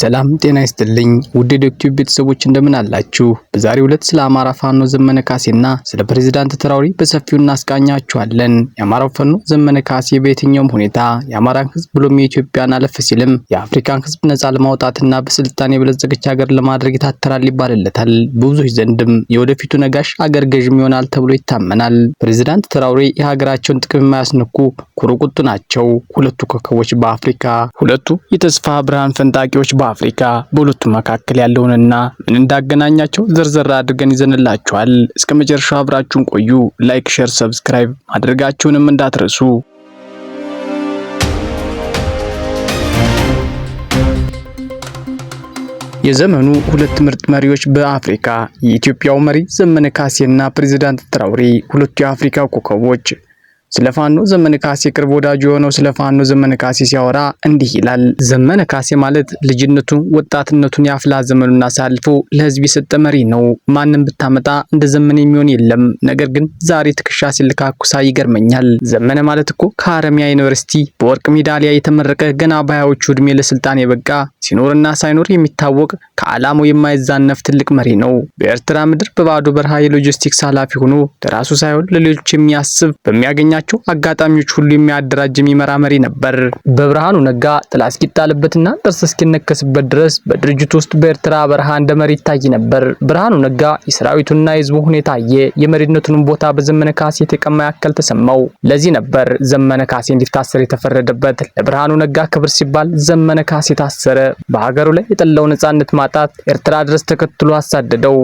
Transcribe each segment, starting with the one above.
ሰላም ጤና ይስጥልኝ ውድ ዶክቲቭ ቤተሰቦች እንደምን አላችሁ? በዛሬው ዕለት ስለ አማራ ፋኖ ዘመነ ካሴና ስለ ፕሬዝዳንት ተራውሪ በሰፊው እናስቃኛችኋለን። የአማራው ፋኖ ዘመነ ካሴ በየትኛውም ሁኔታ የአማራን ህዝብ ብሎም የኢትዮጵያን አለፍ ሲልም የአፍሪካን ህዝብ ነፃ ለማውጣትና በስልጣን የበለጸገች ሀገር ለማድረግ ይታተራል ይባልለታል። በብዙዎች ዘንድም የወደፊቱ ነጋሽ አገር ገዥም ይሆናል ተብሎ ይታመናል። ፕሬዝዳንት ተራውሪ የሀገራቸውን ጥቅም የማያስንኩ ቁርቁቱ ናቸው። ሁለቱ ኮከቦች በአፍሪካ ሁለቱ የተስፋ ብርሃን ፈንጣቂዎች በአፍሪካ በሁለቱ መካከል ያለውንና ምን እንዳገናኛቸው ዘርዘር አድርገን ይዘንላችኋል። እስከ መጨረሻው አብራችሁን ቆዩ። ላይክ፣ ሼር፣ ሰብስክራይብ ማድረጋችሁንም እንዳትረሱ። የዘመኑ ሁለት ምርጥ መሪዎች በአፍሪካ የኢትዮጵያው መሪ ዘመነ ካሴና ፕሬዝዳንት ትራውሬ ሁለቱ የአፍሪካ ኮከቦች ስለ ፋኖ ዘመነ ካሴ ቅርብ ወዳጁ የሆነው ስለ ፋኖ ዘመነ ካሴ ሲያወራ እንዲህ ይላል። ዘመነ ካሴ ማለት ልጅነቱን፣ ወጣትነቱን፣ የአፍላ ዘመኑን አሳልፎ ለህዝብ የሰጠ መሪ ነው። ማንም ብታመጣ እንደ ዘመነ የሚሆን የለም። ነገር ግን ዛሬ ትከሻ ሲልካኩሳ ይገርመኛል። ዘመነ ማለት እኮ ከሀረማያ ዩኒቨርሲቲ በወርቅ ሜዳሊያ የተመረቀ ገና ባያዎች እድሜ ለስልጣን የበቃ ሲኖርና ሳይኖር የሚታወቅ ከዓላማው የማይዛነፍ ትልቅ መሪ ነው። በኤርትራ ምድር በባዶ በረሃ የሎጂስቲክስ ኃላፊ ሆኖ ለራሱ ሳይሆን ለሌሎች የሚያስብ በሚያገኛ ባገኛቸው አጋጣሚዎች ሁሉ የሚያደራጅ የሚመራ መሪ ነበር። በብርሃኑ ነጋ ጥላ እስኪጣልበትና ጥርስ እስኪነከስበት ድረስ በድርጅቱ ውስጥ በኤርትራ በረሃ እንደ መሪ ይታይ ነበር። ብርሃኑ ነጋ የሰራዊቱና የህዝቡ ሁኔታ አየ። የመሪነቱንም ቦታ በዘመነ ካሴ የተቀማ ያክል ተሰማው። ለዚህ ነበር ዘመነ ካሴ እንዲታሰር የተፈረደበት። ለብርሃኑ ነጋ ክብር ሲባል ዘመነ ካሴ ታሰረ። በሀገሩ ላይ የጠላው ነጻነት ማጣት ኤርትራ ድረስ ተከትሎ አሳደደው።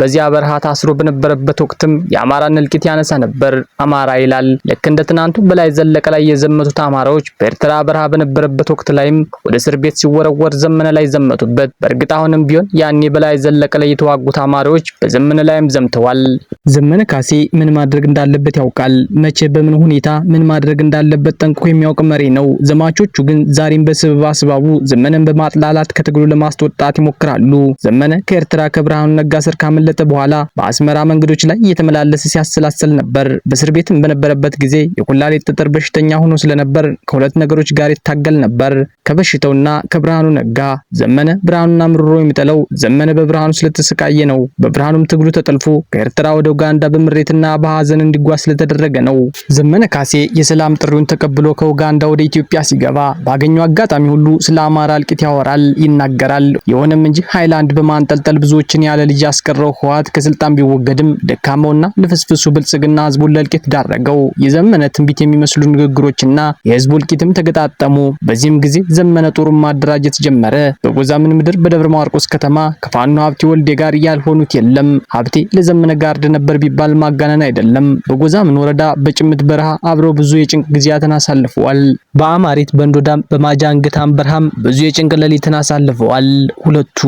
በዚያ በረሃ ታስሮ በነበረበት ወቅትም የአማራን እልቂት ያነሳ ነበር። አማራ ይላል። ልክ እንደ ትናንቱ በላይ ዘለቀ ላይ የዘመቱት አማራዎች በኤርትራ በረሃ በነበረበት ወቅት ላይም ወደ እስር ቤት ሲወረወር ዘመነ ላይ ዘመቱበት። በእርግጥ አሁንም ቢሆን ያኔ በላይ ዘለቀ ላይ የተዋጉት አማራዎች በዘመነ ላይም ዘምተዋል። ዘመነ ካሴ ምን ማድረግ እንዳለበት ያውቃል። መቼ በምን ሁኔታ ምን ማድረግ እንዳለበት ጠንቅቆ የሚያውቅ መሪ ነው። ዘማቾቹ ግን ዛሬም በስበብ አስባቡ ዘመነን በማጥላላት ከትግሉ ለማስወጣት ይሞክራሉ። ዘመነ ከኤርትራ ከብርሃኑ ነጋ ስር ካመ ካመለጠ በኋላ በአስመራ መንገዶች ላይ እየተመላለሰ ሲያሰላሰል ነበር። በእስር ቤትም በነበረበት ጊዜ የኩላሊት ጠጠር በሽተኛ ሆኖ ስለነበር ከሁለት ነገሮች ጋር ይታገል ነበር፣ ከበሽታውና ከብርሃኑ ነጋ። ዘመነ ብርሃኑና ምሩሮ የሚጠለው ዘመነ በብርሃኑ ስለተሰቃየ ነው። በብርሃኑም ትግሉ ተጠልፎ ከኤርትራ ወደ ኡጋንዳ በምሬትና በሐዘን እንዲጓዝ ስለተደረገ ነው። ዘመነ ካሴ የሰላም ጥሪውን ተቀብሎ ከኡጋንዳ ወደ ኢትዮጵያ ሲገባ ባገኘው አጋጣሚ ሁሉ ስለ አማራ እልቂት ያወራል፣ ይናገራል። የሆነም እንጂ ሃይላንድ በማንጠልጠል ብዙዎችን ያለ ልጅ ያስቀረው ህወሓት ከስልጣን ቢወገድም ደካማውና ልፍስፍሱ ብልጽግና ህዝቡን ለእልቂት ዳረገው። የዘመነ ትንቢት የሚመስሉ ንግግሮችና የህዝቡ እልቂትም ተገጣጠሙ። በዚህም ጊዜ ዘመነ ጦሩን ማደራጀት ጀመረ። በጎዛምን ምድር በደብረ ማርቆስ ከተማ ከፋኖ ሀብቴ ወልዴ ጋር ያልሆኑት የለም። ሀብቴ ለዘመነ ጋርድ ነበር ቢባል ማጋነን አይደለም። በጎዛምን ወረዳ በጭምት በረሃ አብረው ብዙ የጭንቅ ጊዜያትን አሳልፈዋል። በአማሪት በእንዶዳም በማጃንግት በርሃም ብዙ የጭንቅ ሌሊትን አሳልፈዋል። ሁለቱ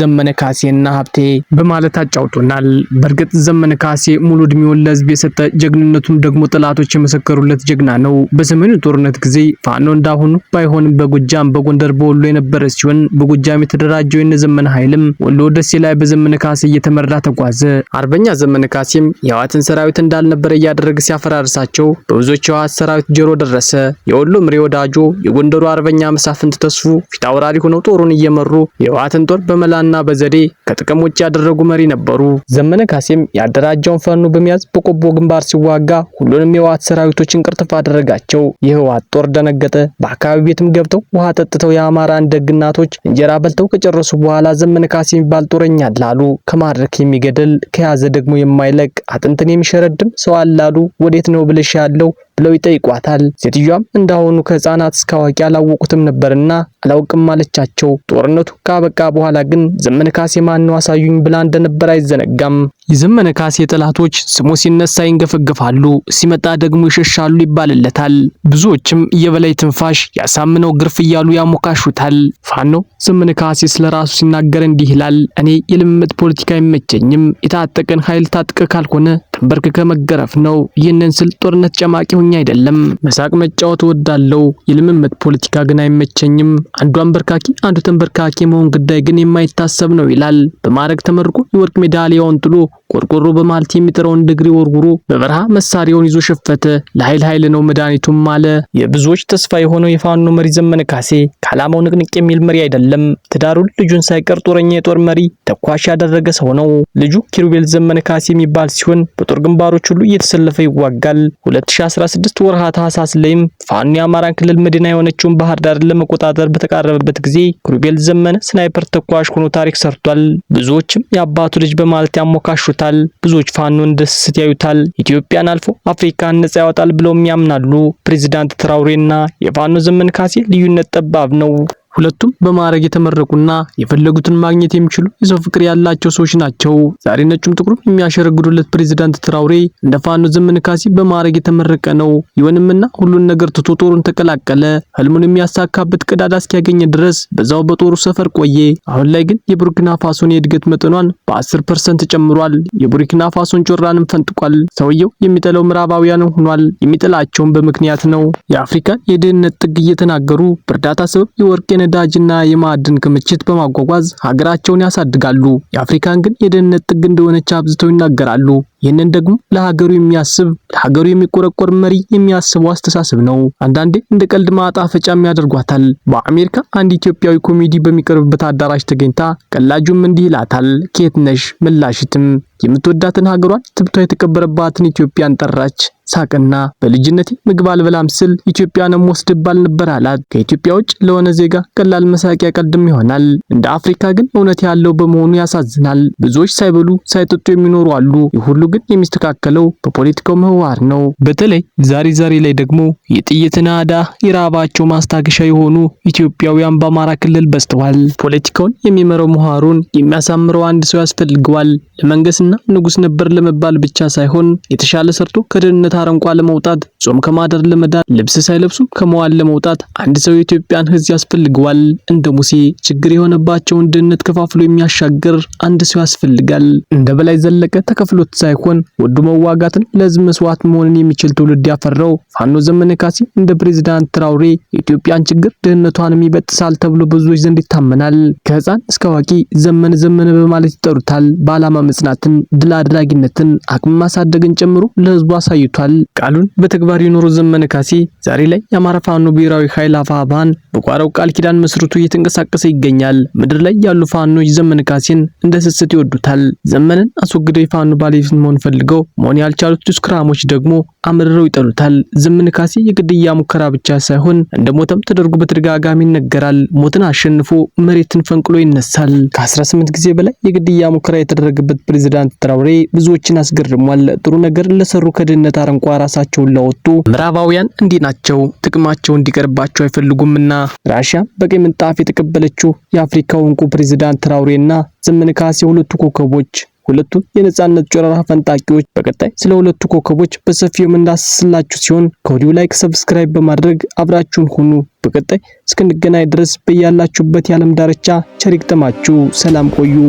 ዘመነ ካሴና ሀብቴ በማለታቸው አጫውቶናል። በእርግጥ ዘመነ ካሴ ሙሉ እድሜውን ለህዝብ የሰጠ ጀግንነቱም ደግሞ ጠላቶች የመሰከሩለት ጀግና ነው። በሰሜኑ ጦርነት ጊዜ ፋኖ እንዳሁኑ ባይሆንም በጎጃም፣ በጎንደር፣ በወሎ የነበረ ሲሆን በጎጃም የተደራጀው የዘመነ ኃይልም ወሎ ደሴ ላይ በዘመነ ካሴ እየተመራ ተጓዘ። አርበኛ ዘመነ ካሴም የህወሓትን ሰራዊት እንዳልነበረ እያደረገ ሲያፈራርሳቸው በብዙዎች የህወሓት ሰራዊት ጆሮ ደረሰ። የወሎ ምሬ ወዳጆ፣ የጎንደሩ አርበኛ መሳፍንት ተስፉ ፊት አውራሪ ሆነው ጦሩን እየመሩ የህወሓትን ጦር በመላና በዘዴ ከጥቅም ውጭ ያደረጉ መሪ ነበር። ነበሩ። ዘመነ ካሴም ያደራጀውን ፈኑ በመያዝ በቆቦ ግንባር ሲዋጋ ሁሉንም የህወሓት ሰራዊቶችን ቅርጥፍ አደረጋቸው። የህወሓት ጦር ደነገጠ። በአካባቢ ቤትም ገብተው ውሃ ጠጥተው የአማራን ደግ እናቶች እንጀራ በልተው ከጨረሱ በኋላ ዘመነ ካሴ የሚባል ጦረኛ ላሉ ከማድረክ የሚገድል ከያዘ ደግሞ የማይለቅ አጥንትን የሚሸረድም ሰው አላሉ። ወዴት ነው ብልሽ ያለው ብለው ይጠይቋታል። ሴትዮዋም እንዳሁኑ ከህፃናት እስከ አዋቂ አላወቁትም ነበርና አላውቅም አለቻቸው። ጦርነቱ ካበቃ በኋላ ግን ዘመነ ካሴ ማን ነው አሳዩኝ ብላ እንደነበር አይዘነጋም። የዘመነ ካሴ ጠላቶች ስሙ ሲነሳ ይንገፈገፋሉ፣ ሲመጣ ደግሞ ይሸሻሉ ይባልለታል። ብዙዎችም የበላይ ትንፋሽ ያሳምነው ግርፍ እያሉ ያሞካሹታል። ፋኖ ዘመነ ካሴ ስለ ራሱ ሲናገር እንዲህ ይላል። እኔ የልምምጥ ፖለቲካ አይመቸኝም። የታጠቀን ኃይል ታጥቀ ካልሆነ ተንበርክከ መገረፍ ነው። ይህንን ስል ጦርነት ጨማቂ ሆኜ አይደለም። መሳቅ መጫወት እወዳለሁ። የልምምጥ ፖለቲካ ግን አይመቸኝም። አንዱ አንበርካኪ አንዱ ተንበርካኪ መሆን ጉዳይ ግን የማይታሰብ ነው ይላል። በማዕረግ ተመርቆ የወርቅ ሜዳሊያውን ጥሎ ቆርቆሮ በማለት የሚጠራውን ድግሪ ወርውሮ በበረሃ መሳሪያውን ይዞ ሸፈተ። ለኃይል ኃይል ነው መድኃኒቱም አለ። የብዙዎች ተስፋ የሆነው የፋኖ መሪ ዘመነ ካሴ ከዓላማው ንቅንቅ የሚል መሪ አይደለም። ትዳሩን ልጁን ሳይቀር ጦረኛ የጦር መሪ ተኳሽ ያደረገ ሰው ነው። ልጁ ኪሩቤል ዘመነ ካሴ የሚባል ሲሆን በጦር ግንባሮች ሁሉ እየተሰለፈ ይዋጋል። 2016 ወርሃ ታህሳስ ላይም ፋኖ የአማራን ክልል መዲና የሆነችውን ባህር ዳር ለመቆጣጠር በተቃረበበት ጊዜ ኪሩቤል ዘመነ ስናይፐር ተኳሽ ሆኖ ታሪክ ሰርቷል። ብዙዎችም የአባቱ ልጅ በማለት ያሞካሹታል። ያዩታል። ብዙዎች ፋኖን ደስት ያዩታል። ኢትዮጵያን አልፎ አፍሪካን ነጻ ያወጣል ብለውም ያምናሉ። ፕሬዚዳንት ትራውሬና የፋኖ ዘመን ካሴ ልዩነት ጠባብ ነው። ሁለቱም በማዕረግ የተመረቁና የፈለጉትን ማግኘት የሚችሉ የሰው ፍቅር ያላቸው ሰዎች ናቸው። ዛሬ ነጩም ጥቁሩም የሚያሸረግዱለት ፕሬዚዳንት ትራውሬ እንደ ፋኖ ዘመነ ካሴ በማዕረግ የተመረቀ ነው። ይሁንምና ሁሉን ነገር ትቶ ጦሩን ተቀላቀለ። ህልሙን የሚያሳካበት ቀዳዳ እስኪያገኘ ድረስ በዛው በጦሩ ሰፈር ቆየ። አሁን ላይ ግን የቡርኪና ፋሶን የእድገት መጠኗን በ10 ፐርሰንት ጨምሯል። የቡርኪና ፋሶን ጮራንም ፈንጥቋል። ሰውየው የሚጠላው ምዕራባውያንን ሆኗል። የሚጠላቸውም በምክንያት ነው። የአፍሪካን የድህነት ጥግ እየተናገሩ በእርዳታ ሰበብ የወርቅ የነዳጅና የማዕድን ክምችት በማጓጓዝ ሀገራቸውን ያሳድጋሉ። የአፍሪካን ግን የደህንነት ጥግ እንደሆነች አብዝተው ይናገራሉ። ይህንን ደግሞ ለሀገሩ የሚያስብ ለሀገሩ የሚቆረቆር መሪ የሚያስበው አስተሳሰብ ነው። አንዳንዴ እንደ ቀልድ ማጣፈጫም ያደርጓታል። በአሜሪካ አንድ ኢትዮጵያዊ ኮሜዲ በሚቀርብበት አዳራሽ ተገኝታ ቀላጁም እንዲህ ይላታል። ኬት ነሽ ምላሽትም የምትወዳትን ሀገሯን ትብቷ የተቀበረባትን ኢትዮጵያን ጠራች። ሳቅና በልጅነቴ ምግብ አልበላም ስል ኢትዮጵያንም ወስድባል ነበር አላት። ከኢትዮጵያ ውጭ ለሆነ ዜጋ ቀላል መሳቂያ ቀልድም ይሆናል፣ እንደ አፍሪካ ግን እውነት ያለው በመሆኑ ያሳዝናል። ብዙዎች ሳይበሉ ሳይጠጡ የሚኖሩ አሉ። ይህ ሁሉ ግን የሚስተካከለው በፖለቲካው ምህዋር ነው። በተለይ ዛሬ ዛሬ ላይ ደግሞ የጥይትና አዳ የራባቸው ማስታገሻ የሆኑ ኢትዮጵያውያን በአማራ ክልል በዝተዋል። ፖለቲካውን የሚመራው ምህዋሩን የሚያሳምረው አንድ ሰው ያስፈልገዋል። ለመንገስና ንጉስ ነበር ለመባል ብቻ ሳይሆን የተሻለ ሰርቶ ከድህነት አረንቋ ለመውጣት ጾም ከማደር ለመዳር ልብስ ሳይለብሱ ከመዋል ለመውጣት አንድ ሰው የኢትዮጵያን ህዝብ ያስፈልገዋል። እንደ ሙሴ ችግር የሆነባቸውን ድህነት ከፋፍሎ የሚያሻገር አንድ ሰው ያስፈልጋል። እንደ በላይ ዘለቀ ተከፍሎት ሳይሆን መኮንን ወዶ መዋጋትን ለህዝብ መስዋዕት መሆንን የሚችል ትውልድ ያፈራው ፋኖ ዘመነ ካሴ እንደ ፕሬዝዳንት ትራውሬ የኢትዮጵያን ችግር ድህነቷንም ይበጥሳል ተብሎ ብዙዎች ዘንድ ይታመናል። ከህፃን እስከ አዋቂ ዘመነ ዘመነ በማለት ይጠሩታል። በዓላማ መጽናትን፣ ድል አድራጊነትን፣ አቅም ማሳደግን ጨምሮ ለህዝቡ አሳይቷል። ቃሉን በተግባር የኖረው ዘመነ ካሴ ዛሬ ላይ የአማራ ፋኖ ብሔራዊ ኃይል አፋባን በቋራው ቃል ኪዳን መስርቱ እየተንቀሳቀሰ ይገኛል። ምድር ላይ ያሉ ፋኖች ዘመነ ካሴን እንደ ስስት ይወዱታል። ዘመነን አስወግደው የፋኖ ባለቤት መሆን ፈልገው መሆን ያልቻሉት ስክራሞች ደግሞ አምርረው ይጠሉታል። ዝም ንካሴ የግድያ ሙከራ ብቻ ሳይሆን እንደ ሞተም ተደርጎ በተደጋጋሚ ይነገራል። ሞትን አሸንፎ መሬትን ፈንቅሎ ይነሳል። ከ18 ጊዜ በላይ የግድያ ሙከራ የተደረገበት ፕሬዝዳንት ትራውሬ ብዙዎችን አስገርሟል። ጥሩ ነገር ለሰሩ ከድህነት አረንቋ ራሳቸውን ለወጡ ምዕራባውያን እንዲህ ናቸው። ጥቅማቸው እንዲቀርባቸው አይፈልጉምና ራሽያ በቀይ ምንጣፍ የተቀበለችው የአፍሪካው እንቁ ፕሬዝዳንት ትራውሬና ዘመነ ካሴ ሁለቱ ኮከቦች ሁለቱ የነጻነት ጨረራ ፈንጣቂዎች በቀጣይ ስለ ሁለቱ ኮከቦች በሰፊው የምንዳስስላችሁ ሲሆን ከወዲሁ ላይክ፣ ሰብስክራይብ በማድረግ አብራችሁን ሁኑ። በቀጣይ እስክንገናኝ ድረስ በያላችሁበት የዓለም ዳርቻ ቸር ይግጠማችሁ። ሰላም ቆዩ።